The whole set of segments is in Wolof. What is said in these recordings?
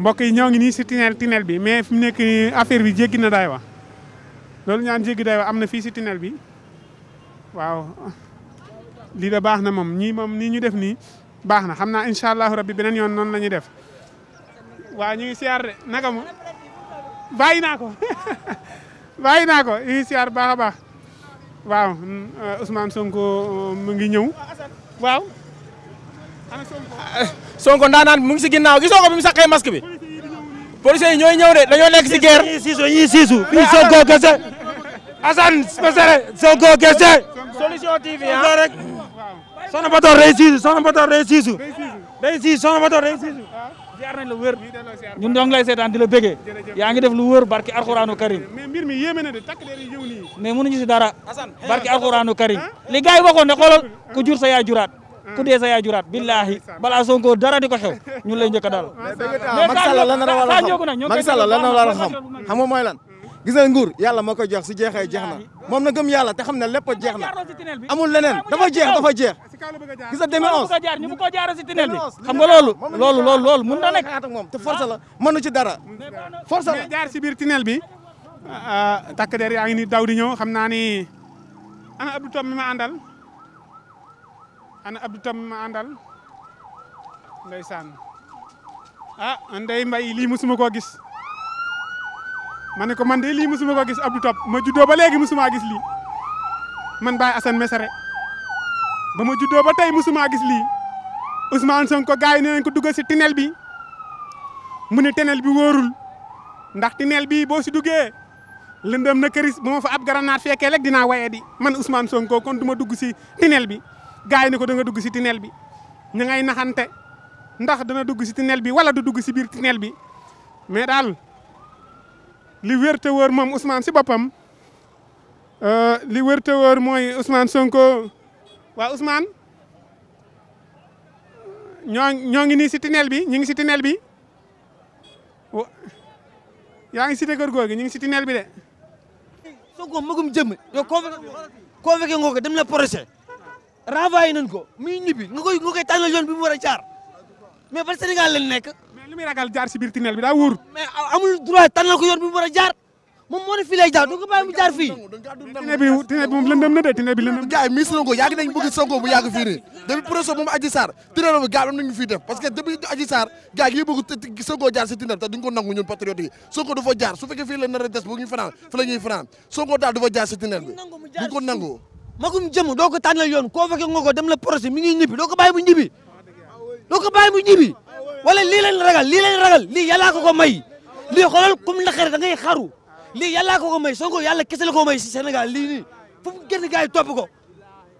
mbokk yi ñoo ngi nii si tunnel tunnel bi mais fi mu nekk affaire bi jéggi na daay wa loolu ñaan jéggi daay wa am na fii si tunnel bi waaw lii da baax na moom ñii moom nii ñu def nii baax na xam naa incha allahu rabbi beneen yoon noonu la ñuy def waaw ñu ngi siyaar de naka mu bàyyi naa ko bàyyi naa ko ñu ngi siyaar baax baax waaw Ousmane Sonko uh, ngi ñëw waaw Sonko ndaanaan bi mu ngi si ginnaaw gisoo ko bi mu saqee masque bi policiers yi ñooy ñëw de dañoo nekk si guerre. ñii siisu ñii siisu fii Sonko kese Assane Masare Sonko kese. solution TV ah rek soxna Batoor day siisu soxna Batoor day siisu day siisu soxna Batoor day siisu. jaar nañ la wër ñun dong lay seetaan di la bëggee yaa ngi def lu wër barki alxuraanu karim mais mbir mi yéeme na de takk leer yi ñëw nii mais mënuñu si dara barki alxuraanu karim li gars yi waxoon ne xoolal ku jur sa yaay juraat ku dee sa yaay juraat billaahi balaa Sonko dara di ko xew ñun lay njëkk a daal. Macky Sall lan la war a xam Macky Sall lan la war a xam xam nga mooy lan. gis nga nguur yàlla moo koy jox su jeexee jeex na moom na gëm yàlla te xam na lépp jeex na amul leneen dafa jeex dafa jeex gis nga demee onze ñu bu ko jaaroo si tunnel bi xam nga loolu loolu loolu loolu mën na nekk ak moom te force la mënu ci dara force la jaar si biir tunnel bi ah, ah, takk der yaa ngi ni daw di ñëw xam naa ni ana Abdou Tom mi ma àndal ana Abdou Tam ma àndal ndeysaan a ah, ndey mbay lii musuma koo gis ma ne ko man de lii musuma koo gis Abdou Top ma juddoo ba léegi musumaa gis lii man Baye Assane Mesere ba ma juddoo ba tey musumaa gis lii Ousmane Sonko gars yi nee nañ ko duggal si tunnel bi mu ne tunnel bi wóorul ndax tunnel bi boo si duggee lëndëm na këris bu ma fa ab garanaat fekkee rek dinaa waye di man Ousmane Sonko kon du ma dugg si tunnel bi gars yi ni ko da nga dugg si tunnel bi ñu ngay naxante ndax dana dugg si tunnel bi wala du dugg si biir tunnel bi mais daal li wér te wóor moom Ousmane si boppam euh, li wér te mooy Ousmane Sonko waa Ousmane ñoo ñoo ngi nii si tunnel bi ñu ngi si tunnel bi yaa ngi cité kër googu ñu ngi si tunnel bi de. Sonko magum jëmm yow renvoyé nañ ko muy ñibbi nga koy nga koy tànnal yoon bi mu war a jaar mais ban Sénégal lañ nekk. mais li muy ragal jaar si biir tunnel bi daa wóor. mais amul droit tànnal ko yoon bi mu war a jaar moom moo ne fii lay jaar du ko bàyyi mu jaar fii. tunnel bi tunnel bi moom lëndëm na de tunnel bi lëndëm. gars yi miis nañ ko yàgg nañ bëgg Sonko bu yàgg fii nii depuis projet moom Adji Sarr tunnel bi gars am nañu fii def parce que depuis Adji Sarr gars yi bëgg Sonko jaar si tunnel te duñ ko nangu ñun patriote yi Sonko du fa jaar su fekkee fii la nar a des bu ñu fanaan fi la ñuy fanaan Sonko daal du fa jaar si tunnel bi duñ ko nangu magum jëm doo ko tànnal yoon koo nga ko dem la procès mi ngi ñibbi doo ko bàyyi mu ñibbi doo ko bàyyi mu ñibbi wala lii lañ ragal lii lañ ragal li yàllaa ko ko may lii xoolal kum la xere da ngay xaru lii yàllaa ko ko may Sonko yàlla kese la ko may si Sénégal lii nii fu mu génn gars yi topp ko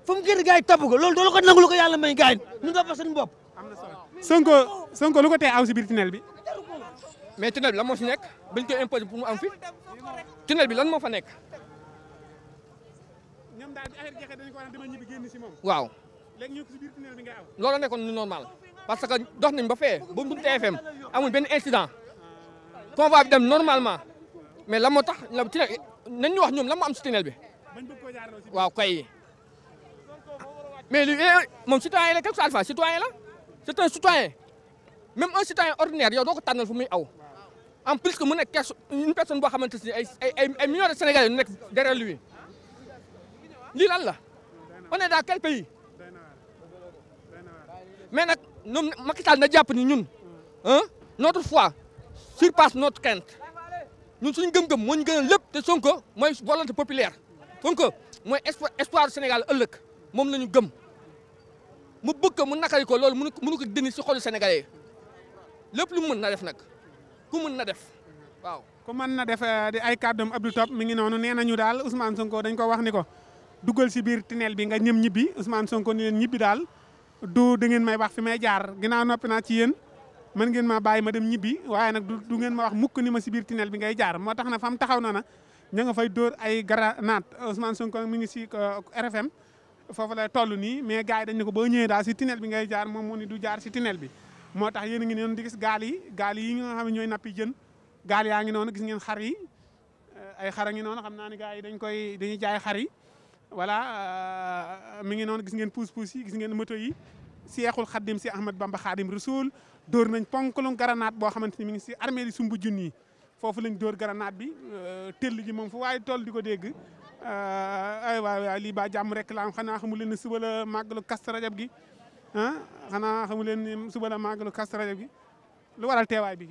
fu mu génn gars yi ko loolu doo la ko nangu lu ko yàlla may gars yi ñu dafa seen bopp Sonko Sonko lu ko tee aw bi mais tunnel bi lan moo si nekk bañ koy mu am fi tunnel bi lan moo fa nekk waaw. loolu nekkoon lu normal parce que dox nañ ba fee ba mu TFM amul benn incident ah. convoi bi dem normalement mais la moo tax la tunnel nañ ñu wax ñoom la am si tunnel bi waaw kay mais li eh, moom citoyen la quelque soit citoyen la c'est un citoyen même un citoyen ordinaire yow doo ko tànnal fu muy aw en plus que mu nekk une personne boo xamante ne ay ay ay millions de Sénégalais yu nekk lui lii lan la on est dans quel pays mais nag ñoom Macky Sall na jàpp ni ñun ah notre foi surpasse notre crainte ñun suñu gëm-gëm moo ñu gënal lépp te Sonko mooy volonté populaire Sonko mooy espoir espoir Sénégal ëllëg moom la ñu gëm mu bëgg ko mu nakari ko loolu mënu ko mënu ko dindi si xolu sénégalais lépp lu mu mën na def nag ku mën na def waaw. ku mën na def eh, di ay kàddoom Abdou Top mi ngi noonu nee nañu daal Ousmane Sonko dañ ko wax ni ko. dugal si biir bi nga ñëm ñibbi Ousmane Sonko ni leen ñibbi daal du da may wax fi may jaar naa noppi naa ci yéen mën ngeen ma bàyyi ma dem ñibbi waaye nag du ngeen ma wax mukk ni ma si biir bi ngay jaar moo tax na fam taxaw na na ña nga fay dóor ay grenade Ousmane Sonko mi ngi si RFM foofu lay toll nii mais gars dañ ne ko boo ñëwee daal si tunnel bi ngay jaar moom moo ni du jaar si bi moo tax yéen a ngi di gis gaal yi gaal yi nga xam ne ñooy nappi jën gaal yaa ngi noonu gis ngeen xar yi ay xar a ngi noonu xam naa ne gars yi dañ koy dañuy jaay xar yi voilà euh, mi ngi noonu gis ngeen puus-puus yi gis ngeen moto yi seexul xaddim si Ahmad Bamba xaadim rasul dóor nañ ponkalu garanaat boo xamante ni mi ngi si armée li sumbu junni yi foofu lañ dóor garanaat bi euh, tell ji moom fu waaye toll di ko dégg euh, ay waay lii ba jàmm rek la am xanaa xamu leen ne suba la màggalu Kazu gi ah xanaa xamu leen ne suba la màggalu Kazu Rajab gi lu waral teewaay bi.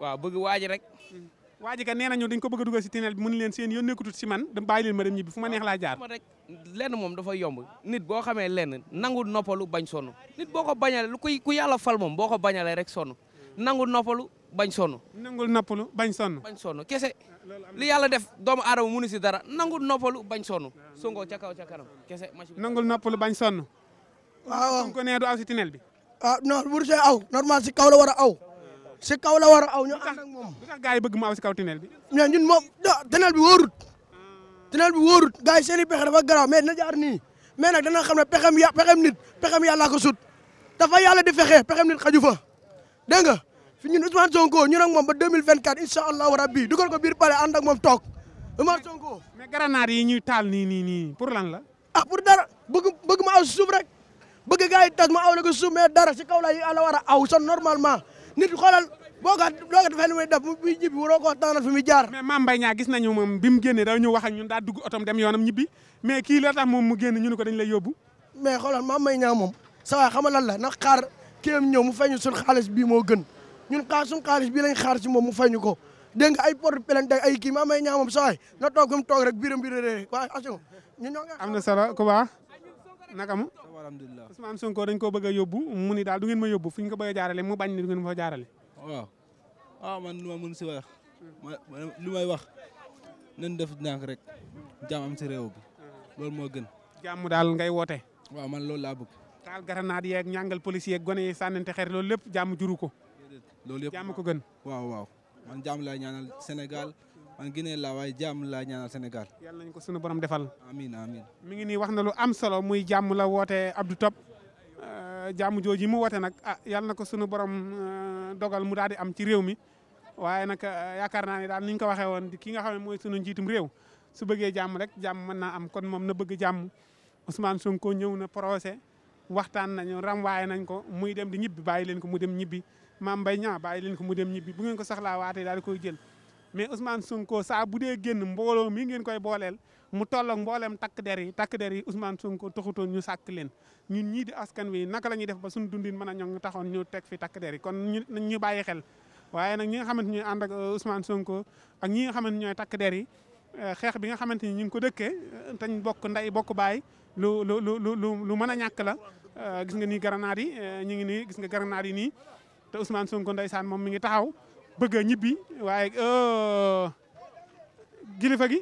waaw bëgg waaji rek. Hmm. waa ji ka nee nañu dañ ko bëgg a dugal si tineel bi mu ne leen seen yoon nekkutut si man da bàyyi leen ma dem ñibbi fu ma neex lenn moom dafa yomb nit boo xamee lenn nangu noppalu bañ sonn nit boo ko bañale lu kuy ku yàlla fal moom boo ko bañalee rek sonn nangu noppalu bañ sonn nangul noppalu bañ sonn bañ sonn kese ah, li yàlla def doomu aadama mënu si dara nangu noppalu bañ sonn songoo ca kaw ca kanam kese nangul noppalu bañ sonn waaw ko nee du aw si tineel bi ah non bu aw normal si kaw la war a aw si kaw la war a aw ñu ànd ak moom. lu bëgg mu aw si kaw bi. mais ñun moom tunnel bi wóorut. Ah. tunnel bi wóorut gars yi seen i pexe dafa garaaw na jaar nii mais nag dana xam ne pexem ya pexem nit pexem yàlla ko sut dafa yàlla di fexe pexem nit xaju fa dégg nga fi ñun Ousmane Sonko ñun ak moom ba 2024 incha allahu rabbi dugal ko biir pale ànd ak moom toog Ousmane Sonko. mais grenade yi ñuy taal nii nii nii pour lan la. ah pour dara bëgg bëgg ma aw si suuf rek bëgg gars yi tas ma aw la ko suuf mais dara si kaw la yi la war a aw son normalement. nit xoolal boo ko boo ko defee lu muy def muy ñibbi waroo koo taanal fi muy jaar. mais Mame Mbaye Niang gis nañu moom bi mu génnee daw ñu wax ñun daal dugg otom dem yoonam ñibbi mais kii la tax moom mu génn ñu ko dañ lay yóbbu. mais xoolal Mame Mbaye Niang moom sa waay xamal lan la na xaar kéem ñëw mu feeñu suñu xaalis bii moo gën ñun xaar suñu xaalis bii lañ xaar si moom mu feeñu ko dégg nga ay porte plainte ak ay kii Mame Mbaye Niang moom sa waay na toog fi mu toog rek biiram biir réer waaye asio ñu naka mu alhamdulilah Ousmane Sonko dañ koo bëgg a yóbbu mu ni daal du ngeen ma yóbbu fu ñu ko bëgg a jaarale mu bañ ni du ngeen ma fa jaarale waaw ah, si wax lu may wax nañ def ndànk rek jàmm si réew bi loolu moo gën jàmm daal ngay woote waaw man loolu laa bëgg taal garanaat yeeg ñàngal policier yeeg gone yi sànnante xeer loolu lépp jàmm juru ko loolu jàmm ko gën waaw waaw man jàmm laa ñaanal Sénégal man Guinée laa waaye jàmm laa ñaanal Sénégal. yàlla nañu ko sunu borom defal. amiin amiin. mi ngi nii wax na lu am solo muy jàmm la woote Abdou Top euh, jàmm jooju mu woote nag ah yàlla na ko sunu borom euh, dogal mu daal di am ci réew mi waaye nag euh, yaakaar naa ne daal ni ñu ko waxee woon kii nga xam ne mooy sunu njiitum réew su bëggee jàmm rek jàmm mën naa am kon moom na bëgg jàmm Ousmane Sonko ñëw na procès waxtaan nañu ram ramwaaye nañ ko muy dem di ñibbi bàyyi leen ko mu dem ñibbi Mame Mbaye Niang bàyyi leen ko mu dem ñibbi bu ngeen ko soxlaa waatee daal di koy jël mais Ousmane Sonko saa bu dee génn mbooloo mi ngeen koy booleel mu tolloog mbooleem takk der yi takk der yi Ousmane Sonko taxutoon ñu sàkk leen ñun ñii di askan wi naka la ñuy def ba suñu dundin mën a ñoŋ taxoon ñu teg fi takk der yi kon ñu bàyyi xel waaye nag ñi nga xamante ñuy ànd ak euh, Ousmane Sonko ak ñi nga xamante ñooy takk der yi euh, xeex bi nga xamante ni ñu ngi ko dëkkee euh, tañ bokk nday bokk baay lu lu lu mën a ñàkk la gis nga nii grenade yi ñu ngi nii gis nga grenade yi nii te Ousmane Sonko ndeysaan moom mi ngi taxaw bëgg a ñibbi waaye gilifa euh, gi.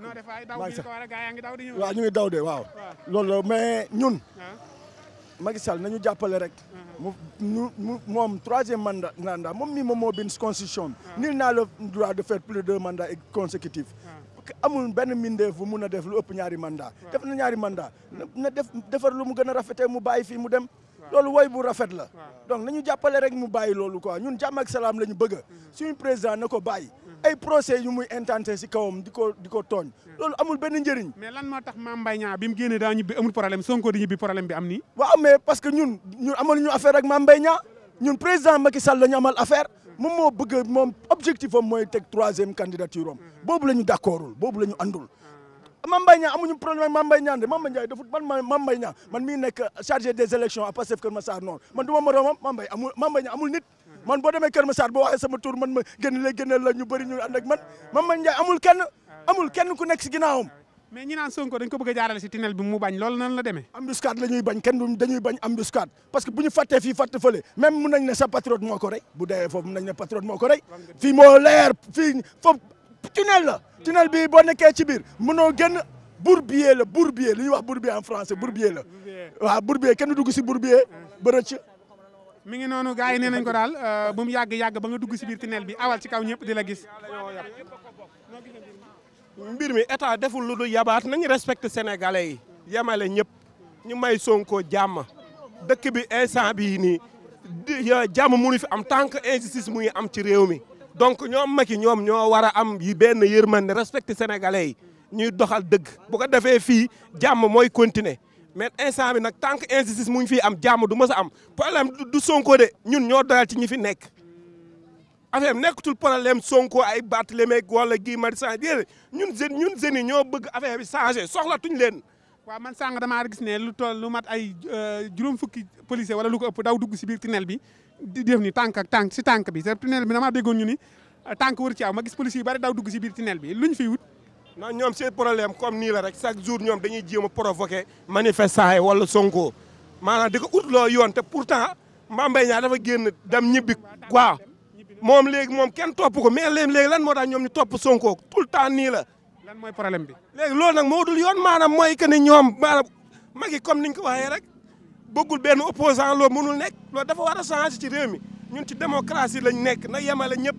noo def ay daw a yaa ngi daw di waaw ñu ngi daw waaw. loolu la mais ñun. Macky nañu jàppale rek. Uh-huh. mu mu manda troisième mandat mandat moom mii moom moo bind constitution bi. Uh-huh. nul n'a de faire plus de deux mandats consécutifs. Uh-huh. amul benn mbindeef bu mun a def lu ëpp ñaari mandat def na defar lu mu gën a rafetee mu bàyyi fii mu dem. loolu woy bu rafet la donc nañu jàppale rek mu bàyyi loolu quoi ñun jàmm ak am la ñu bëgg mhm. suñu président na ko bàyyi mhm. ay procès ñu muy intenté si kawam di ko di ko tooñ mhm. loolu amul benn njëriñ mais lan moo tax Mame Mbaye Niang bi mu génnee daa ñibbi amul problème Sonko di ñibbi problème bi am ni waaw mais parce que ñun ñun amal ñu affaire ak Mame Mbaye Niang ñun président Macky Sall la ñu amal affaire moom moo bëgg moom objectif am mooy teg troisième candidature am boobu la ñu d'accordul boobu la ñu àndul Mame Mbaye Niang amuñu problème ak Mame Mbaye Niang de Mame Mbaye man Mame nekk chargé des élections à Pastef Kër Massar Nord man du ma moroomam Mame Mbaye amul nit man boo demee Kër Massar boo waxee sama tur man ma génn lay la ñu bëri ñu ànd man Mame Mbaye amul kenn ku nekk si ginnaawam mais ñi naan Sonko dañ ko bëgg a jaarale si tunnel bi mu bañ loolu nan la demee embuscade la ñuy bañ kenn dañuy bañ embuscade parce que bu ñu fàttee fii fàtte fële même mun nañ tunnel bii boo nekkee ci biir mënoo génn bourbier la bourbier li ñuy wax bourbier en français bourbier la waaw bourbier kenn dugg si bourbier ba rëcc mi ngi noonu gars yi nee nañ ko daal euh, bu mu yàgg-yàgg ba nga dugg si biir tunnel bi awal ci kaw ñëpp di la gis mbir mi état deful lu dul yabaat nañu respecté sénégalais yi yamale ñëpp ñu may Sonko jàmm dëkk bi instant bii nii euh, jàmm mënu fi am tant que injustice mu ngi am ci réew mi donc ñoom Macky ñoom ñoo war a am yi benn yërmande respecté sénégalais yi ñuy doxal dëgg bu ko defee fii jàmm mooy continuer mais instant bi nag tant que injustice mu ngi fii am jàmm du mës a am problème du Sonko de ñun ñoo doyal ci fi nekk affaire nekkatul problème Sonko ay Barthélémy wala Guy Marius Sagna ñun jeunes ñun jeunes yi ñoo bëgg affaire bi changé soxlatuñ leen. waaw man sànq damaa gis ne lu toll lu mat ay euh, juróom fukki policier wala lu ko daw dugg si biir nel bi. di def ni tànk ak si tànk bi sa tunnel na damaa déggoon ñu ni ah, tànk wër ci aw ma gis bari daw dugg si biir tunnel bi luñ fiy wut. non ñoom seen problème comme nii rek chaque jour ñoom dañuy jéem a provoqué manifestant yi wala Sonko maanaam di ko ut loo yoon te pourtant Mbaye ñaa dafa génn dem ñibbi waaw moom léegi moom kenn topp ko mais léegi lan moo tax ñoom ñi topp Sonko tout le temps nii la. lan mooy problème bi. léegi loolu nag moo dul yoon maanaam mooy que ni ñoom maanaam magi comme niñ ko waxee rek. bëggul benn opposant loo mënul nekk loolu dafa war a changer ci réew mi ñun ci démocratie lañ nekk na yemale ñëpp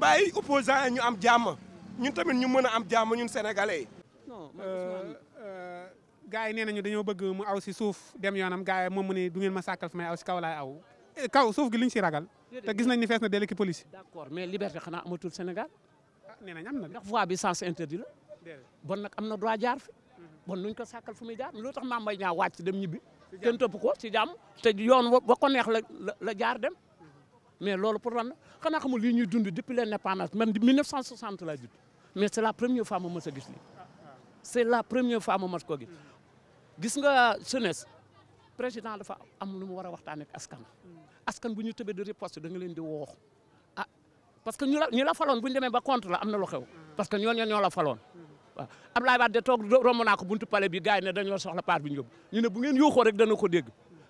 bàyyi opposant yi ñu am jàmm ñun tamit ñu mën a am jàmm ñun sénégalais yi. non euh, euh, yi nee nañu dañoo bëgg mu aw si suuf dem yoonam gars yi moom mu ne du ngeen ma sàkkal fu may aw si kaw laay aw eh, kaw suuf gi liñ si ragal. te gis nañ ni fees na délégué ki police. d'accord mais liberté xanaa amatul Sénégal. ah nee nañ am na ndax voie bi sens interdit la. bon nag am na droit jaar fi. Mhm. bon ko sàkkal fu muy jaar loo tax maa mbay ñaa wàcc dem ñibbi. kenn topp ko ci jàmm te yoon wa ko neex la la jaar dem mais loolu pour lan xanaa xamul lii ñuy dund depuis l'indépendance man di 1960 laa judd mais c'est la première fois ma mës a gis lii c'est la première fois ma mës koo gis gis nga jeunesse président dafa am lu mu war a waxtaanee ak askan askan bu ñu tëbee di riposte da nga leen di woox a ah, parce que ñu la ñu la faloon bu ñu ba contre la am na lu parce que ñoo ñoo la faloon waaw Abdoulaye Wade toog romb naa ko buntu palais bi gars ne dañoo soxla part bi ñu ne bu ngeen yóoxoo rek dana ko dégg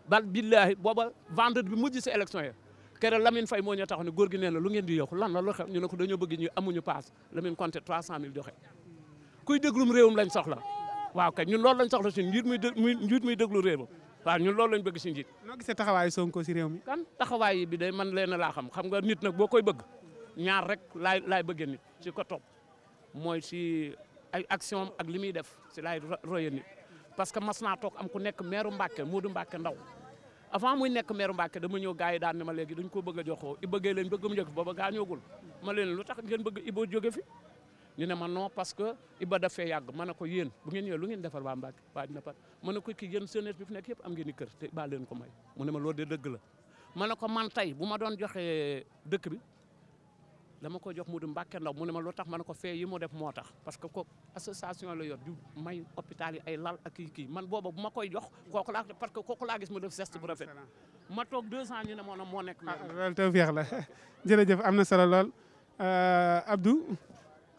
bal billaahi booba vendredi bi mujj si élection ya keroog Lamine Faye moo ñu taxaw ne góor gi nee na lu ngeen di yóoxu lan la lu xew ñu ne ko dañoo bëgg ñu soxla ñun loolu lañ soxla si njiit muy njiit muy déglu réewam waaw ñun loolu lañ bëgg si njiit. noo gisee taxawaayu Sonko si réew mi. kan taxawaay bi day man leen a laa xam xam nga nit nag boo koy bëgg ñaar rek laay laay bëggee nit si ko si ay action ak li muy def si laay roye parce que mas naa toog am ku nekk meeru Mbàkke Moodu Mbàkke ndaw avant muy nekk meeru Mbàkke dama ñëw gars yi daan ne ma léegi dañ ko bëgg a joxoo Iba Gueye lañ bëgg mu njëkk booba gaa ñoogul ma leen lu tax ngeen bëgg Iba jóge fi ñu ne ma noo parce que Iba dafee yàgg ma ne ko yéen bu ngeen ñëwee lu ngeen defar waa ba waa dina par ma ne ko kii yéen jeunesse bi fi nekk yëpp am ngeen i te baa leen ko may mu ne ma loolu de dëgg la ma ne ko man tey bu ma doon joxee dëkk bi dama ko jox mu du Mbàkke Ndaw mu ne ma lu tax ko fee yi mu def moo tax parce que ko association la yor du may hôpital yi ay lal ak kii kii man booba bu ma koy jox kooku laa parce que kooku laa gis mu def geste bu rafet ma toog deux ans ñu ne moo na moo nekk ah, loolu tawfeex la jërëjëf am na solo lool euh, Abdou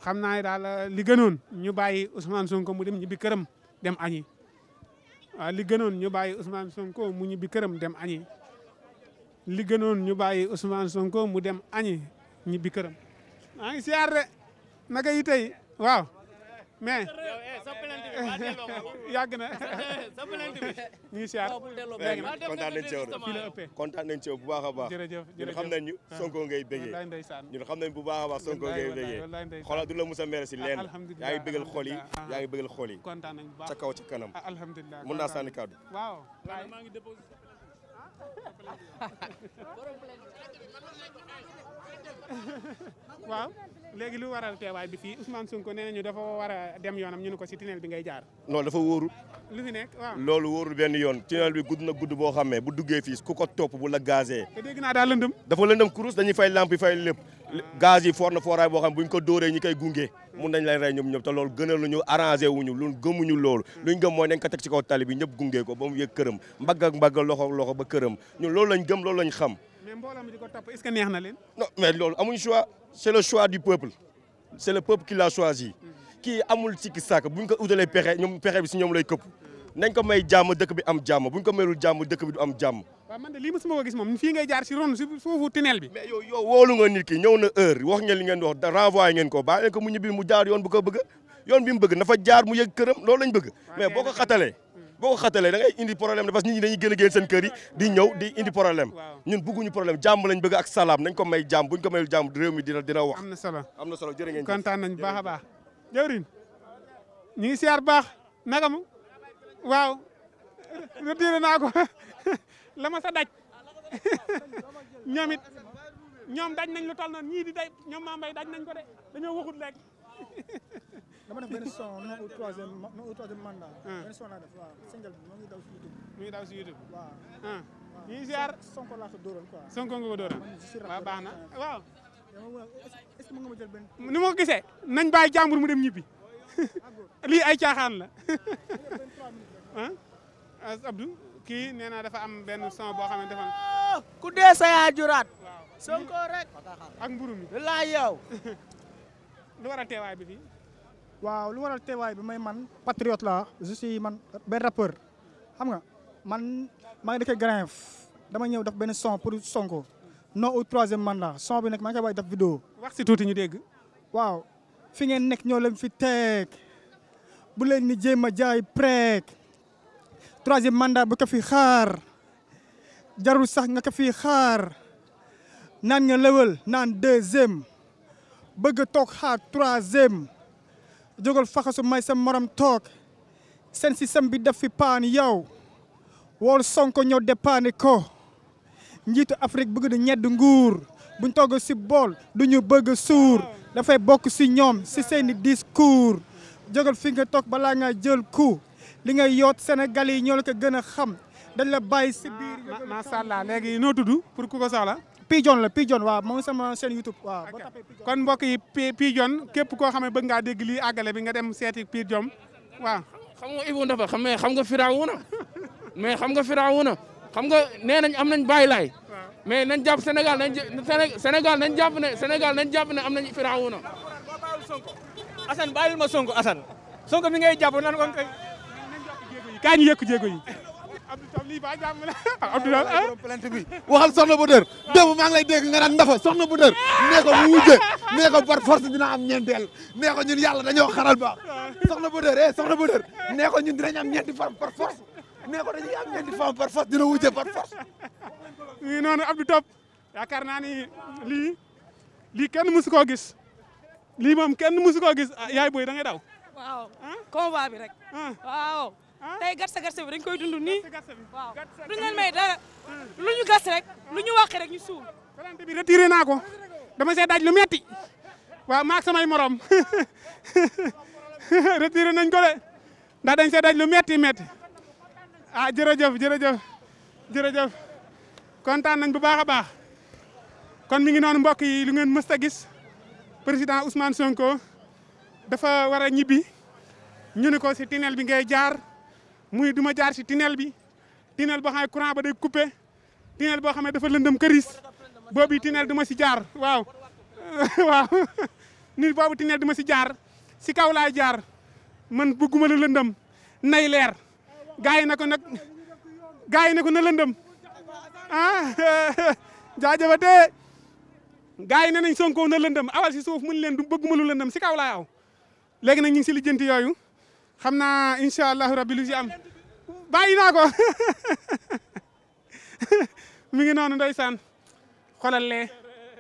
xam naa ne daal euh, li gënoon ñu bàyyi Ousmane Sonko mu dem ñibbi këram dem añi waaw ah, li gënoon ñu bàyyi Ousmane Sonko mu ñibbi këram dem añi li gënoon ñu bàyyi Ousmane mu dem añi ñibbi këram. aa ngi siyaar de naka yi tey waaw mais eh, eh, yàgg na ñu ngi siyaar. kontaan nañ ci yow de nañ bu baax a baax. jërëjëf ñun xam nañ ñu sonko ngay bégee ñun xam nañ bu baax a baax sonko ngay bégee xoolal du la musa mere si leen yaa ngi bégal xol yi yaa ngi bégal xol yi. ca kaw ca kanam. alhamdulilah mën naa sànni kàddu. waaw. waaw léegi lu waral teewaay bi fii Ousmane Sonko nee nañu dafa war a dem yoonam ñu ne ko si tunnel bi ngay jaar. non dafa wóorul. lu fi nekk loolu wóorul benn yoon tunnel bi gudd na gudd boo xamee bu duggee fii ku ko topp bu la gazee. te dégg naa daal lëndëm. dafa lëndëm kurus dañu fay lamp yi fay lépp. gaz yi foor na fooraay boo xam bu ñu ko dóoree ñi koy gunge mun nañ lay rey ñoom ñëpp te loolu gënal lu ñu arrangé wuñu lu gëmuñu loolu luñ gëm mooy nañ ko teg ci kaw tali bi ñëpp gunge ko ba mu yëg këram mbagg ak mbagg loxo loxo ba këram loolu lañ gëm loolu lañ xam mais mbooloo ko topp est-ce na leen non mais loolu amuñ choix c'est le choix du peuple c'est le peuple qui l'a choisi mm-hmm. kii amul sikki sàkk buñ ko utalee pexe ñoom pexe bi si ñoom lay këpp nañ ko may jàmm dëkk bi am jàmm buñ ko mayul jàmm dëkk bi am jàmm man de lii mosuma ko nga nit ki ñëw na heure wax ngeen li ko bàyyi leen ko mu ñibbi mu jaar yoon bu ko bëgg yoon bi mu bëgg na fa jaar mu yëg këram loolu lañ bëgg mais boo ko xatalee boo ko xatalee da ngay indi problème parce que nit ñi dañuy gën a génn seen kër yi di ñëw di indi problème ñun réew mi dina wax na solo kontaan nañ baax a baax siyaar baax naka waaw retiré naa ko la ma sa daj ñoom it ñoom daj nañ lu toll noonu ñii di day ñoom maa mbay daj nañ ko de dañoo waxut rek. dama def benn son non ah. au def waaw single bi moo ngi daw si YouTube. Ah. sonko laa ko dóoral quoi. sonko nga ko waaw baax na waaw. gisee nañ bàyyi jàmbur mu dem ñibbi. lii ay caaxaan la ah Abdou kii nee naa dafa am benn son boo xam ne dafa ku dee sa yaa juraat Sonko rek ak mburu mi laa yow lu waral teewaay bi fii waaw lu waral teewaay bi may man patriot la je suis man benn rappeur xam nga man maa ngi dëkk Granf dama ñëw def benn son pour Sonko non au man mandat son bi nag maa ngi koy waaj def vidéo wax si tuuti ñu dégg waaw fi ngeen nekk ñoo leen fi teg bu leen ni jéem a jaay preek troisième mandat bu ko fi xaar jarul sax nga ko fi xaar naan nga lëwal naan deuxième bëgg a toog xaar troisième jógal faxasu may sa morom toog seen système bi def fi paan yow wool Sonko ñëw dépanne ko njiitu Afrique bëgg di ñedd nguur buñ toog si bool du ñu bëgg suur dafay bokk si ñoom si seeni discours jógal fi nga toog balaa nga jël ku li ngay yoot Sénégal yi ñoo la ko gën a xam dañ la bàyyi si biir. macha allah léegi noo tudd pour ku ko soxla. Pigeon la Pigeon waaw moom sama chaîne YouTube waaw. kon mbokk yi Pigeon képp koo xam ne bëgg ngaa dégg lii àggale bi nga dem seeti Pigeon waaw. xam nga Ibou Ndafa xam nga Firawuna mais xam nga Firawuna xam nga nee nañ am nañ bàyyi laay mais nañ jàpp Sénégal nañ Sénégal nañ jàpp ne Sénégal nañ jàpp ne am nañ firawuna. Assane bàyyil ma Sonko Assane Sonko mi ngay jàpp nan kon kay. kaay ñu yëkk jéego yi. Abdou Tam lii ba jàmm la Abdou Tam eh? plainte bi waxal soxna bu dër démb maa ngi lay dégg nga naan ndafa soxna bu dër nee ko mu wujje nee ko par force dina am ñeenteel nee ko ñun yàlla dañoo xaral baax soxna bu dër eh soxna bu dër nee ko ñun dinañ am ñeenti par par force ne ko dañuy am ñeenti femme par dina wute par force. ñu noonu Abdou Top yaakaar naa ni lii lii kenn mësu koo gis lii moom kenn mësu koo gis ah, yaay booy da ngay daw. waaw ah? convoi bi rek. Ah. waaw tey gatsa gatsa bi dañ koy dund nii. waaw duñ leen may lu ñu gas rek lu ñu wax rek ñu suul. plante bi retiré naa ko dama see daaj lu metti waa maak samay morom retiré nañ ko de ndax dañ see daaj lu metti metti ah jërëjëf jërëjëf jërëjëf kontaan nañ bu baax a baax kon mi ngi noonu mbokk yi lu ngeen mës a gis président Ousmane Sonko dafa war a ñibbi ñu ni ko si tunnel bi ngay jaar muy duma jaar si tunnel bi tunnel boo xam ne courant ba day coupé tunnel boo xam dafa lëndëm këris boobu tunnel du ma si jaar waaw waaw ni boobu tunnel du ma si jaar si kaw laay jaar man bëgguma la lëndëm nay leer gars yi na ko nag gars yi na na lëndëm ah jaajëfatee gars yi na na Sonko na lëndëm awal si suuf mën leen du bëgguma lu lëndëm si kaw laa aw léegi nag ñu ngi si lijjanti yooyu xam naa incha allahu rabbi lu si am bàyyi naa ko mi ngi noonu ndeysaan xolal lee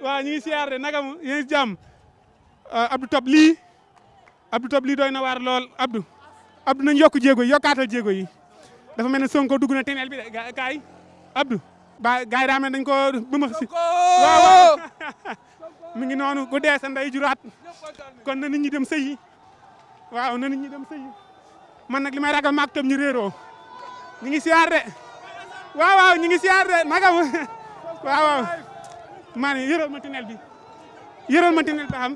waaw ñu ngi siyaar de nagamu yéen si jàmm euh, Abdou Top lii Abdou Top lii doy na waar lool Abdou Abdou nañ yokk jéego yi yokkaatal jéego yi dafa mel ne Sonko dugg na teneel bi de kaay Abdou. ba gars yi daa mel dañu koo bëma si waaw mi ngi noonu ku dee sa juraat kon na nit ñi dem sëyi waaw na nit ñi dem sëyi man nag li ragal maak tam ñu réeroo ñu ngi siyaar de waaw waaw ñu siyaar de magam waaw waaw maa ne yëral ma tineel bi yëral ma tineel bi xam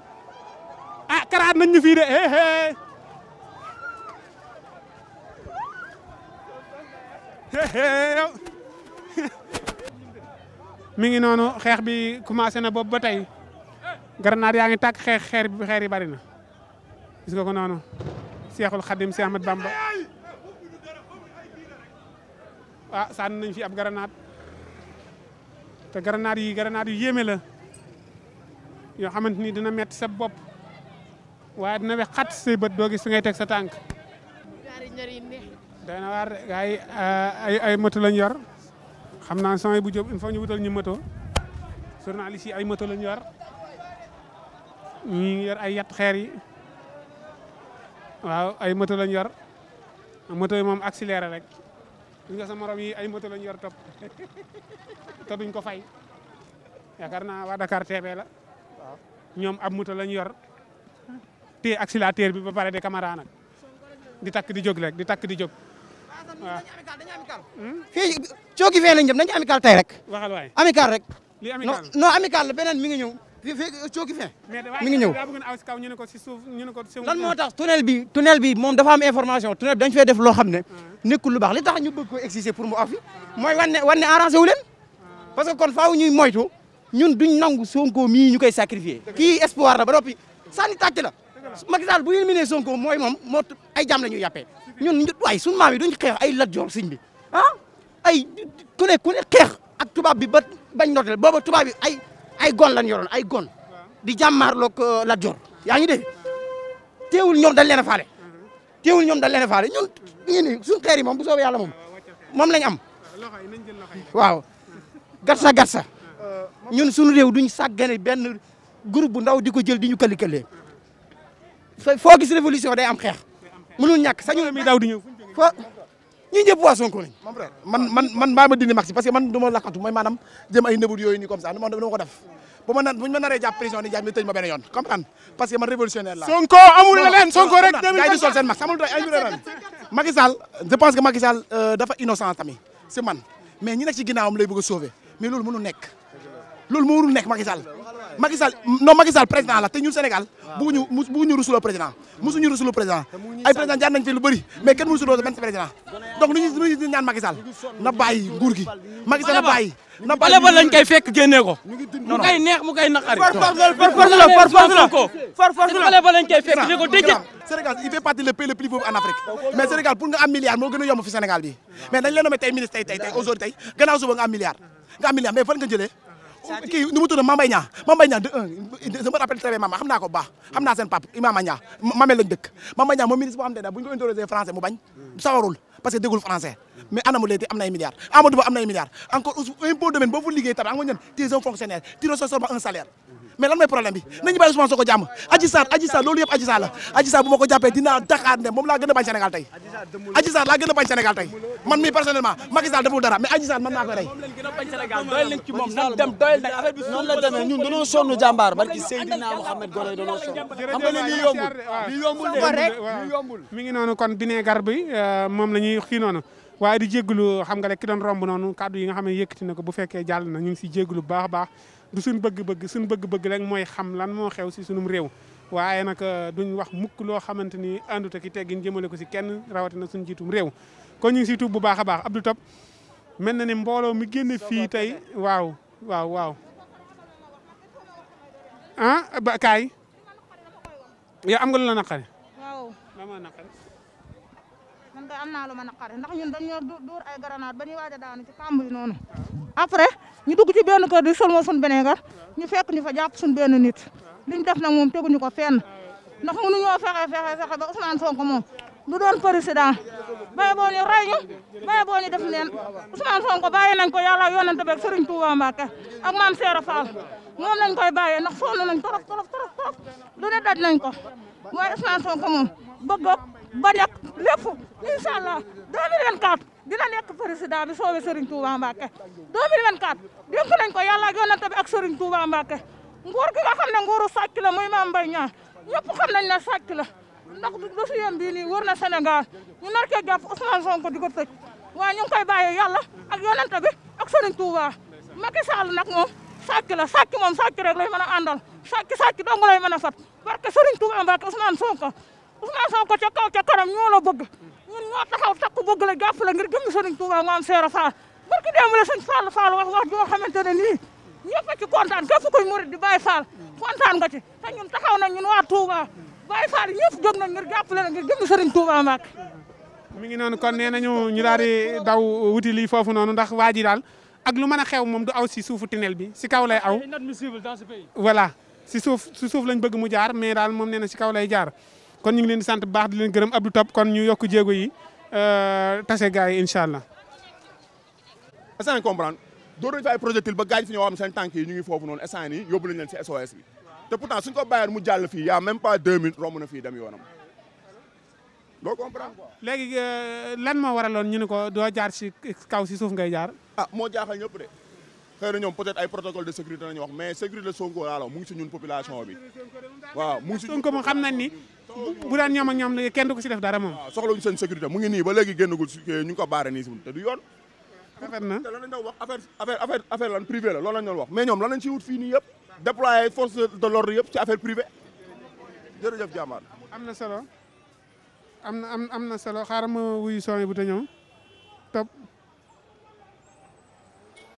ah karaat nañ ñu de mi ngi noonu xeex bi commencé na boobu ba tey grenade yaa ngi takk xeex xeer bi xeer yi bari na gis nga ko noonu Seexul Xadim Si Ahmad Bamba ah sànni nañ fi ab grenade te grenade yi grenade yu yéeme la yoo xamante ni dina metti sa bopp waaye dina wex xat say bët doo gis ngay teg sa tànk day na waar gars euh, ay ay moto lañ yor xam naa sony bu jóg il faut ñu wutal ñu moto journaliste yi ay moto lañ yor ñi yor ay yat xeer yi waaw ay moto lañ yor moto yi moom accéléré rek li sa morom ay moto lañ yor topp te duñ ko fay yaakaar naa waa Dakar TV la ñoom ab moto lañ yor te accélérateur bi ba pare de caméra di takk di jóg rek di takk di jóg waaw dañu amical fii cooki fee lañ jëm dañu amical tey rek. waxal waay amical rek. lii amical beneen mi ngi ñëw. fii fii cooki fee. mi ngi ñëw ñu ne ko si suuf ñu ne ko lan moo tax tunnel bi tunnel bi moom dafa am information tunnel bi dañu fee def loo xam ne. Ah. nekkul lu baax li tax ñu bëgg ko exiger pour mooy wan ne wan ne arrangé wu leen. Ah. parce que kon faaw ñu moytu ñun duñ nangu Sonko mii ñu koy sacrifier. kii espoir la ba noppi sànni tàcc la Macky Sall bu éliminé Sonko mooy moom moo ay jàmm la ñuy yàppee ñun waaye suñu maam yi ñu xeex ay Lat Joor sëñ bi ah ay ku ne ku ne xeex ak tubaab bi ba bañ nootel booba tubaab bi ay ay gon lañ yoroon ay gon di jàmmaarloog euh, Lat Joor yaa ngi dégg teewul ñoom da leen a faale teewul ñoom da leen a faale ñun ñu ni suñu yi moom bu soobee yàlla moom moom lañ am waaw gatsa gatsa ñun suñu réew duñ sàggane benn groupe bu ndaw di ko jël di ñu këli foo révolution day am xeex mënul ñàkk sañu mi daw di ñëw foo ñu ñëpp waa Sonko lañ mon frère man man man maa ma dindi max parce que man du ma lakkatu mooy maanaam jëm ay nëbut yooyu nii comme ça du ma ko def bu ma naree jàpp prison ni jaay ma benn yoon parce que man révolutionnaire la Sonko amul leneen Sonko rek gars sol seen max amul doy ay murran Macky Sall que Macky Sall euh, dafa innocent tamit si man mais ñi nekk ci ginnaawam lay bëgg a sauver mais loolu Macky Sall non Macky Sall président la te ñun Sénégal. waaw bëgguñu mu bëgguñu rusuloo président. musuñu rusuloo président ay président jaar nañ fi lu bëri mais kenn musuloo benn président donc lu ñuy lu ñaan Macky Sall na bàyyi nguur gi. Macky Sall na bàyyi. na bàyyi bale ba lañ koy fekk génnee ko. mu koy neex mu koy naqari. par force la par force la par force la par force la bale ba lañ koy fekk ne ko déjé. Sénégal il fait partie le pays le plus pauvre en Afrique mais Sénégal pour nga am milliard moo gën a yomb fi Sénégal bi mais dañ la nommé tey ministre tey tey tey aujourd'hui tey gannaaw suba nga am milliard nga am milliard mais fan nga jëlee kii nu mu tudd Mame Mbaye Niang de un je me rappelle très bien maman xam naa ko bu baax xam Imama Niang Mamel lañ dëkk Mame Mbaye Niang moom ministre boo bu ñu français mu bañ sawarul parce que déggul français mais anamu léegi am na ay milliards Amadou Ba am na ay encore impôt domaine boo fu liggéey tamit am nga ñen tu fonctionnaire tu reçois seulement un salaire mais lan mooy problème bi nañu bàyyi Ousmane Sonko jàmm Adji Sarr Adji Sarr loolu yëpp Adji Sarr la Adji Sarr bu moom gën a bañ Sénégal tey a bañ Sénégal tey man mii personnellement Macky Sall deful dara mais Adji Sarr man maa koy rey doyal nañ ci moom dem doyal nañ affaire bi noonu la demee ñun dañoo sonn jàmbaar barki Seydina Mouhamed Golo dañoo sonn xam nga ne lii yombul lii yombul rek lii yombul mi ngi kon bineegar bi euh, moom la ñuy waaye di jégalu xam nga rek doon romb noonu kàddu yi nga xam ne yëkkati na ko bu fekkee jàll na ñu ngi si jégalu baax baax du suñ bëgg-bëgg suñ bëgg-bëgg rek mooy xam lan moo xew si sunum réew waaye nag euh, duñ wax mukk loo xamante ni àndut ak i teggin jëmale ko si kenn rawatina suñ jiitum réew kon ñu ngi bu baax baax Abdou Top mel na ni mbooloo mi génne fii tey waaw waaw waaw ah, am nga lu la man de am naa lu ma naqare ndax ñun dañ ñoo duur ay grenade ba ñuy waaj a daanu ci kàmb yi noonu après ñu dugg ci benn kër di solmo suñ benegar ñu fekk ñu fa jàpp suñ benn nit liñ def nag moom ñu ko fenn ndax mënuñoo fexe fexe fexe ba Ousmane Sonko moom du doon président baye boo ñu rey ñu baye boo ñu def leen Ousmane Sonko bàyyi nañ ko yàlla yonante beeg Serigne Touba Mbacke ak maam Seera Fall moom lañ koy bàyyee ndax sonn nañ trop trop trop trop lu ne daj nañ ko mooy Ousmane Sonko ba nekk lépp incha allah 2024 dina nekk président bi soobee Serigne Touba Mbacke 2024 dénk nañ ko yàlla ak yonent bi ak Serigne Touba Mbacke nguur gi nga xam ne nguuru sàcc la muy Mame Mbaye Niang ñëpp xam nañ ne sàcc la ndax dossier bii nii wër na Sénégal ñu nar kee jàpp Ousmane Sonko di ko tëj waaye ñu ngi koy bàyyi yàlla ak yonent bi ak Serigne Touba Macky Sall nag moom sàcc la sàcc moom rek lay mën a àndal sàcc sàcc dong lay mën a fat barke Serigne Ousmane Sonko ca kaw ca kanam ñoo la bëgg ñun ñoo taxaw takku bëgg la jàppale ngir jëm Serigne Touba Maam Seera Fall barki démb la sëñ Fall Fall wax wax joo xamante ne nii ñëpp a ci kontaan képp kuy murid di Baye Fall kontaan nga ci te ñun taxaw na ñun waa Touba Baye Fall ñëpp jóg nañ ngir jàppale la ngir jëm Serigne Touba Mbacké mi ngi noonu kon nee nañu ñu daal di daw wuti foofu noonu ndax waa ji daal ak lu mën a xew moom du aw si suufu tunnel bi si kaw lay aw voilà si suuf si suuf lañ bëgg mu jaar mais moom nee si kaw lay jaar kon ñu ngi leen sant baax di leen gërëm Abdou Top kon ñu yokk jéego yi euh, tase gars yi incha allah. instant yii comprendre doo doon fa ay projectile ba gaañ fi ñoo xam seen tànk yi ñu ngi foofu noonu instant yii yóbbu nañ si SOS bi te pourtant suñ ko bàyyoon mu jàll fii y' a même pas romb na fii dem yoonam. doo comprendre léegi euh, lan moo waraloon ñu ne ko doo jaar si kaw si suuf ngay jaar. ah moo jaaxal ñëpp de. xëy na ñoom peut être ay protocole de sécurité la ñu wax mais sécurité Sonko laa la mu ngi si ñun population bi waaw mu ngi si Sonko moom xam nañ ni bu daan ñoom ak ñoom léegi kenn du ko si def dara moom waaw soxlawuñu seen sécurité mu ngi nii ba léegi génnagul si ñu ngi ko baare nii si te du yoon affaire na te lan lañ doon wax affaire affaire affaire affaire lan privé la loolu lañ doon wax mais ñoom lan lañ si wut fii nii yëpp déployer force de l'ordre yëpp ci affaire privé jërëjëf jàmbaar am na solo am na am na solo xaaral ma wuyu sooy bu te ñëw topp